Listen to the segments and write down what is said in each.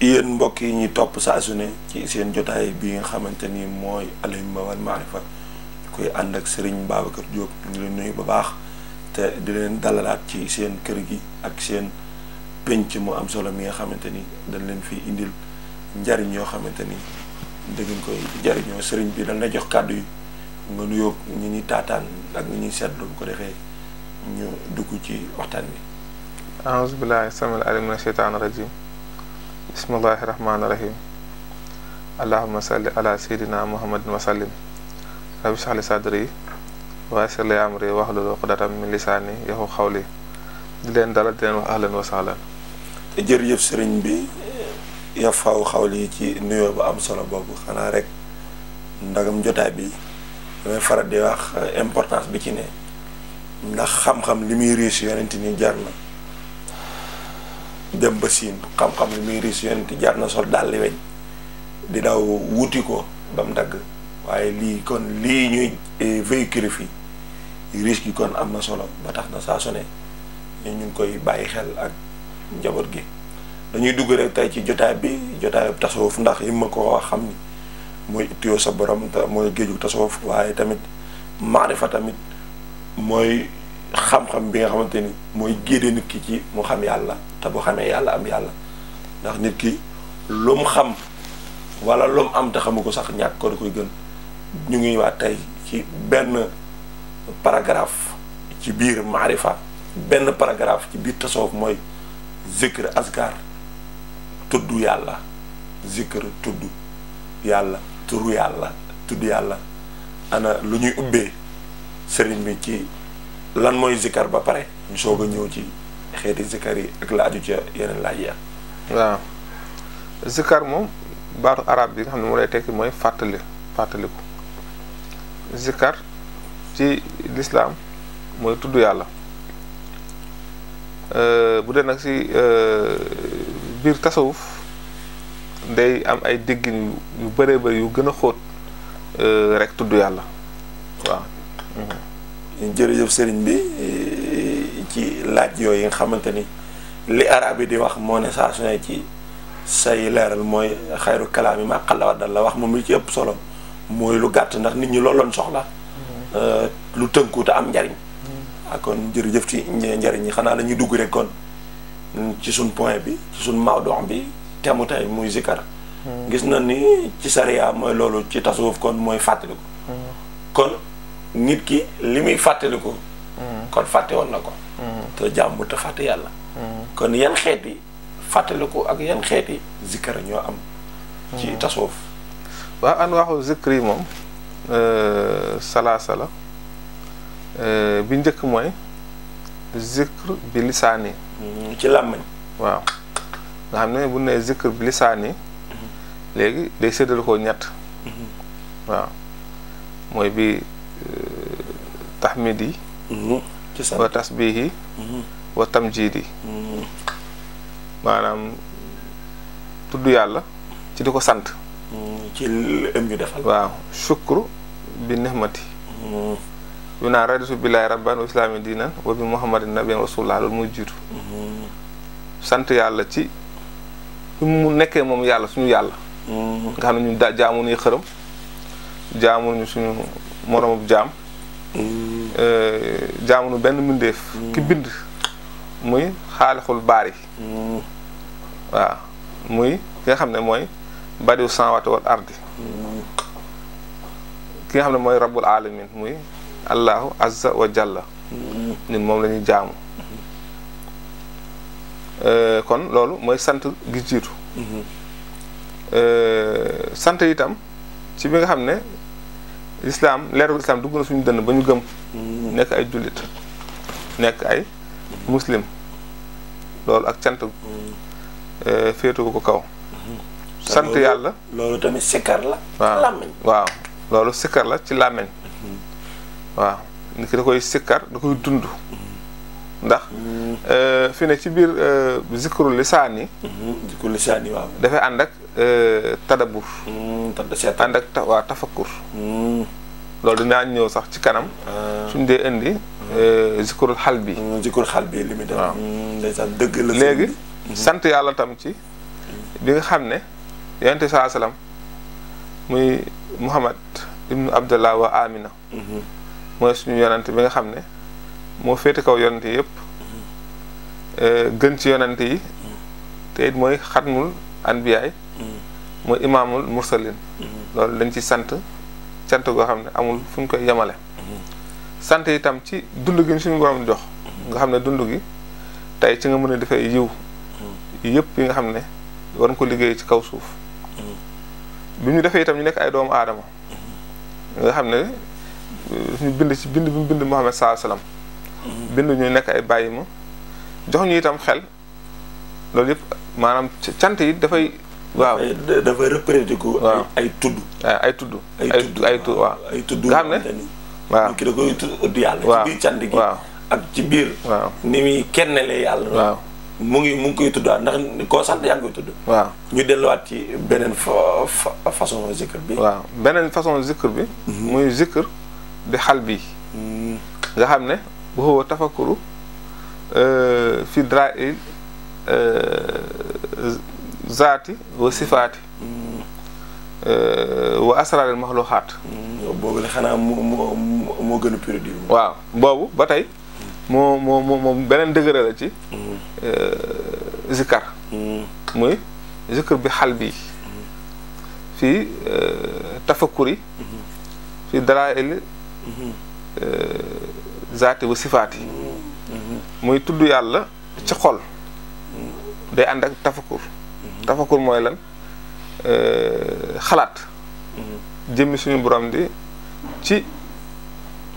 yéen mbokk yi ñuy topp saa su ne ci seen jotaay bii nga xamante ni mooy alhimma wal maarifa koy ànd ak Serigne Babacar kër ñu leen nuyu ba baax te di leen dalalaat ci seen kër gi ak seen pénc mu am solo mi nga xamante ni dañ leen fi indil njariñ yoo xamante ni dangeen koy jariñoo sëriñ bi dañ la jox kàddu yi nga nuyoo ñi ñuy taataan ak ñi ñuy seetlu bu ko defee ñu dugg ci waxtaan bi. aouzu billahi samil alim mina shaytaani rajim بسم الله الرحمن الرحيم اللهم صل على سيدنا محمد وسلم رب اشرح لي صدري ويسر لي امري واحلل عقدة من لساني يهو قولي دلين دال دلين اهلا وسهلا جير يف سيرن بي يفاو خولي تي نيو بو ام سولو بوبو خانا ريك ndagam jotay bi dama fara di wax importance bi ci ne ndax xam xam limi reuss yonentini jarna dem ba siin xam-xam li muy riis yonenti jaar na sol dàll weñ di daw wuti ko ba mu dagg waaye lii kon lii ñuy eh, véhiculer fii risque yi kon am na solo ba tax na saa su ne ñu ngi koy bàyyi xel ak njaboot gi dañuy dugg rek tey ci jotaay bi jotaay bu ndax yi ma ko wax xam ni mooy ittiyoo sa borom te mooy géeju tasawuf waaye tamit maarifa tamit mooy xam-xam bi nga xamante ni mooy génne nit ki ci mu xam yàlla te bu xamee yàlla am yàlla ndax nit ki lu mu xam wala lu mu am te xamu ko sax ñàkk ko da koy gën ñu ngi waat tey ci benn paragraphe ci biir maarifa benn paragraphe ci biir tasawuf mooy zikr asgar tudd yàlla zikr tudd yàlla turu yàlla tudd yàlla ana lu ñuy ubbee sëriñ bi ci lan mooy zikar ba pare soog a ñëw ci xeeti zikar yi ak la aju ca yeneen laaj ya waaw zikar moom baatu arab bi nga xam ne moo lay tekki mooy fàttali fàttaliku zikar ci lislaam mooy tudd yàlla euh, bu dee nag si euh, biir tasawuf day am ay déggin yu bëree bëri yu gën a xóot euh, rek tudd yàlla waaw mhm. jërëjëf sëriñ bi eh, ci laaj yooyu nga xamante ni li arab yi di wax moo ne saa su ne ci say leeral mooy xayru kalaam yi ma xalawa dal la wax moom li ci ëpp solo mooy lu gàtt ndax nit ñi loolu lañ soxla eh, lu tënku te am njariñ mm-hmm. ah kon jërëjëf ci njariñ yi xanaa lañuy dugg rek kon ci suñ point bi ci suñ mawdoox bi temu tey muy zikar mm-hmm. gis na ni ci sariya mooy loolu ci tasawuf kon mooy fàttaliku mm-hmm. kon nit ki li muy fàttaliku. Hmm. kon fàtte woon na ko. Hmm. te jaam bu te fàtte yàlla. Hmm. kon yan xeeti fàttaliku ak yan xeeti zikkara ñoo am. ci tasawuf. waaw an waxu zikr yi moom euh, salaasa euh, bi njëkk mooy zikr bi lisaani. ci làmmiñ. waaw nga xam ne bu ne zikr bi lisaani. léegi day séddal ko ñett. waaw mooy bi. tahmidi mm-hmm. wa tasbihi mm-hmm. wa mm-hmm. maanaam tudd yàlla ci di ko sant ci ëm ñu defal waaw shukru bi nihmati yu naa raditu billaahi rabban wa islaami diinan wa bi muhammadin nabiyyan rasulullah loolu muy jiitu sant yàlla ci mu nekkee moom yàlla suñu yàlla nga xam ne ñu jaamu nuy xërëm jaamu ñu suñu moroomub jaam Euh, jaamunu benn mbindeef ki mm. bind muy xaalixul baari mm. waaw muy ki xam ne mooy badiw sanwaati wal ardi mm. ki nga xam ne mooy rabbul alamin muy allahu azza wa jalla ñun moom la jaamu euh, kon loolu mooy sant gi mm-hmm. euh, sant itam ci bi nga xam ne lislaam leeru lislaam dugg na suñu dënn ba ñu gëm nekk ay jullit nekk ay muslim loolu ak cant mm. eh, féetu ko kaw mm-hmm. sant yàlla loolu tamit sikkar la làmmiñ waaw loolu sikkar la ci làmmiñ mm-hmm. waaw nit ki da koy sikkar da koy dund mm-hmm. ndax في نتبير بذكر لساني ذكر لساني واو دفع عندك تدبر عندك تفكر لو دنا نيو صاح تي كانام سون دي اندي ذكر الحلبي ذكر الحلبي اللي مدام ديسان دغ لا لغي سانت يالا تام تي ديغا خامني يونت صلى الله عليه وسلم موي محمد ابن عبد الله وامينه موي سونو يونت بيغا خامني مو فيتي كاو يونت ييب gën ci yonante yi te it mooy xatmul anbiyaay mooy imaamul mursalin loolu dañ ci sant sant goo xam ne amul fu ñu koy yemale sant itam ci dund gi suñu borom jox nga xam ne dund gi tey ci nga mën a defee yiw yëpp yi nga xam ne war nga ko liggéey ci kaw suuf bi ñu defee itam ñu nekk ay doomu aadama nga xam ne ñu bind ci bind bi mu bind Muhammad sallallahu bind ñu nekk ay bàyyi ma jox ñu itam xel loolu yëpp maanaam cant yi dafay. waaw dafay représenté ko. ay tudd. Ah, ay tudd ay ay tudd waaw. tudd nga xam ne waaw ki da koy tudd yàlla. ci biir cant gi ak ci biir. waaw ni muy kennelee yàlla. waaw mu ngi mu ngi koy tudd tuddaat ndax koo sant yaa koy tudd. waaw ñu delluwaat ci beneen façon zikr bi. waaw beneen façon zikr bi. Mhm. muy zikr di xal bi. Mhm. nga xam ne bu xoo tafakuru. آه، في درائل آه، ذاتي وصفاتي آه، واسرار المخلوقات بوبو لي خانا مو مو غنو بيردي واو بوبو باتاي مو مو مو بنن دغره لا تي ذكر موي ذكر بحلبي في تفكري في درائل ذاتي وصفاتي muy tudd yàlla ci xol day ànd ak tafakur tafakur mooy lan euh, xalaat jëmmi suñu borom di ci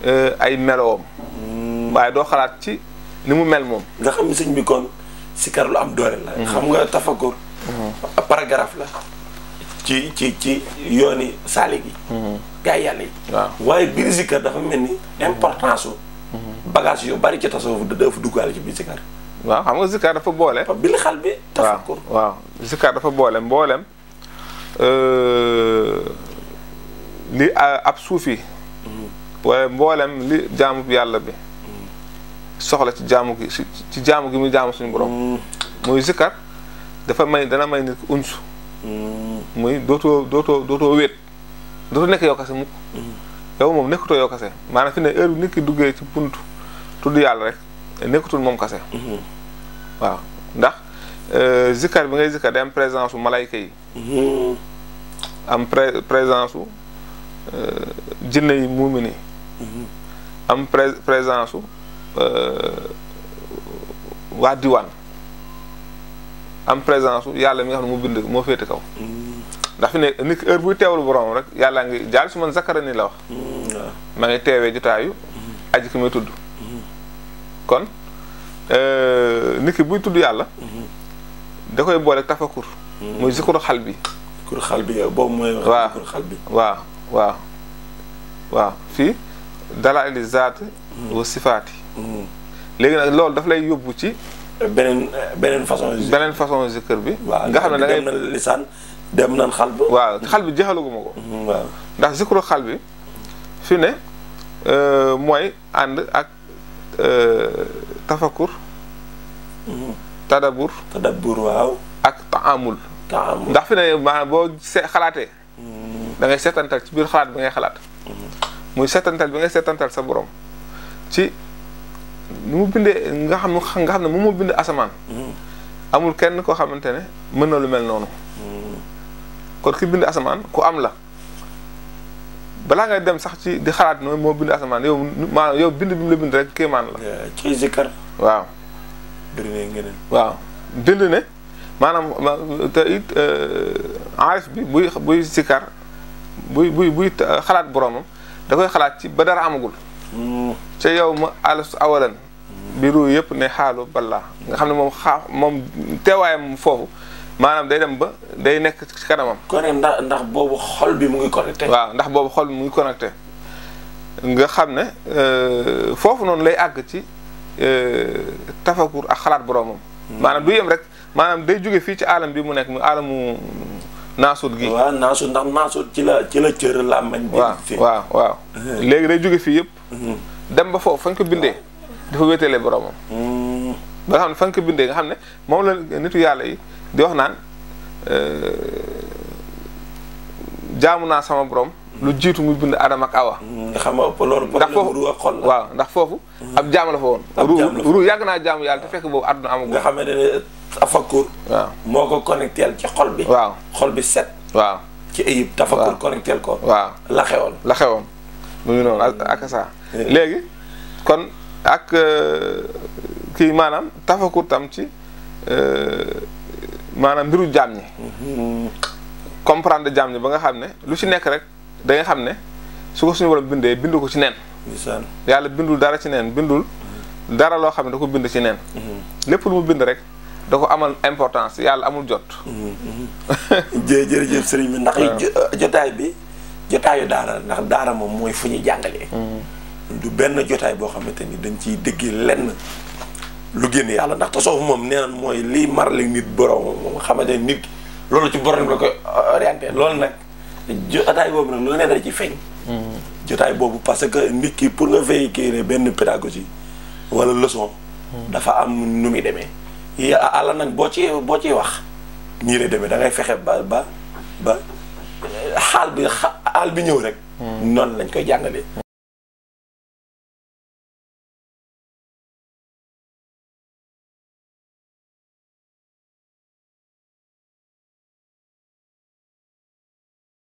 euh, ay meloom hmm. waaye doo xalaat ci ni mu mel moom nga xam ne sëñ bi kon sikar lu am doole la hmm. xam nga tafakur hmm. paragraphe la ci ci ci yooni saali gi gaa yàlla yi waaw waaye biir sikar dafa mel ni importance u bagage yu bari ci tasawuf dafa duggaale ci biir waaw xam nga zikar dafa boole bil xal bi tafakkur waaw zikar dafa boole mboolem euh, li euh, ab suufi mm-hmm. wala mboolem li jaamu yàlla bi mm-hmm. soxla ci jaamu gi ci jaamu gi muy jaamu suñu borom mm-hmm. muy zikar dafa may dana may nit unsu muy dootoo dootoo dootoo wéet dootoo nekk yokka kese mukk yow moom nekkutoo yow kase maana fi ne heure bi nit ki duggee ci bunt tudd yàlla rek nekkutul moom kase mhm. waaw ndax euh, zikkar bi ngay zikkar day am présence su malayka yi mhm. am pré présence su euh, jinne yi mhm. am pré présence su euh, waa am présence yàlla mi nga xam ne mu bind moo féete kaw ndax ne nit heure buy teewlu borom rek yàllaa ngi jaar su man zakara ni la wax mm, ma ngi teewee jotaayu mm. aj ki may tudd mm. kon euh, nikki buy tudd yàlla mm-hmm. da koy boole tafakur muy zikuru xal bi zikuru xal bi boobu mooy wax zikuru xal bi waaw waaw waaw fii dalaa'ili wa sifaati léegi nag loolu daf lay yóbbu ci beneen beneen façon beneen façon zikr bi nga xam ne da lisaan dem nan xal ba waaw xal bi jeexalaguma ko. Mhm, ndax zikru xal bi fi ne euh, mooy ànd ak euh, tafakur. Mhm. tadabur. tadabur waaw. ak taamul. taamul ndax fi ne boo see xalaatee. Mhm. da ngay seetantal ci biir xalaat bi ngay xalaat. muy seetantal bi ngay seetantal sa borom ci nu mu bindee nga xam nga xam ne moom moo bind asamaan. amul kenn koo xamante ne mën na lu mel noonu. kon ki bind asamaan ku am la balaa ngay dem sax ci di xalaat noonu moo bind asamaan yow yow bind bi mu la bind rek kéemaan la. ci zikar. waaw. waaw bind ne maanaam te it enrif euh, bi buy buy zikar buy buy buy xalaat boromam da koy xalaat ci ba dara amagul. Mm. ca yow ma alas awalan. Mm. bi ruu yëpp ne xaalu balaa nga xam ne moom xaa moom teewaayam foofu. maanaam day dem ba day nekk ci kanamam. kon ndax boobu xol bi mu ngi connecté. ndax boobu xol bi mu ngi nga xam ne euh, foofu noonu lay àgg ci euh, tafakur ak xalaat boromam. Hmm. maanaam du yem rek maanaam day jóge fii ci alam bi mu nekk mu alamu naasut gi. waaw naasut ndax naasut ci la ci la cër la am. waaw waaw hmm. léegi day jóge fii yëpp. Hmm. dem ba foofu fañ ko bindee dafa wéetelee boromam. ba nga xam ne fañ ko bindee nga xam ne moom la nitu yàlla yi. di wax naan euh, jaamu naa sama borom. lu jiitu muy bind Adama ak Awa. Mm, ndax foofu. Mm. ab jaam la fa woon. ab yàgg naa jaamu yàlla te fekk boobu àdduna amagul. nga xamante ne tafakur. waaw moo ko connecté ci xol bi. waaw xol bi set. waaw ci ayib. tafakur connecté ko. waaw la xewoon la xewoon. mu ngi noonu ak saa eh. léegi kon ak euh, kii maanaam tafakur tam ci. Euh, maanaam mbiru jaam ñi comprendre jaam ñi ba nga xam ne lu ci nekk rek da xam ne su ko suñu borom bindee bind ko ci neen yàlla bindul dara ci neen bindul dara loo xam ne da ko bind ci neen mm-hmm. lépp lu mu bind rek da ko amal importance yàlla amul jot mm-hmm. jërëjëf sëriñ bi ndax jotaay bi jotaayu daara ndax daara moom mooy fu ñuy jàngalee mm-hmm. du benn jotaay boo xamante ni dañ ciy dégg lenn lu génn yàlla ndax tasawuf moom nee mooy lii marale nit borom moom xamante ne nit loolu ci borom la koy euh, orienté loolu nag jotaay boobu nag lu ne da feeñ. Mm-hmm. jotaay boobu parce que nit ki pour nga véhiculer benn pédagogie wala leçon. Mm-hmm. dafa am nu muy demee. yi àlla nag boo ci boo ciy wax ñii demee dangay ngay fexe ba ba ba xaal bi xaal bi ñëw rek. Mm-hmm. noonu lañ koy jàngale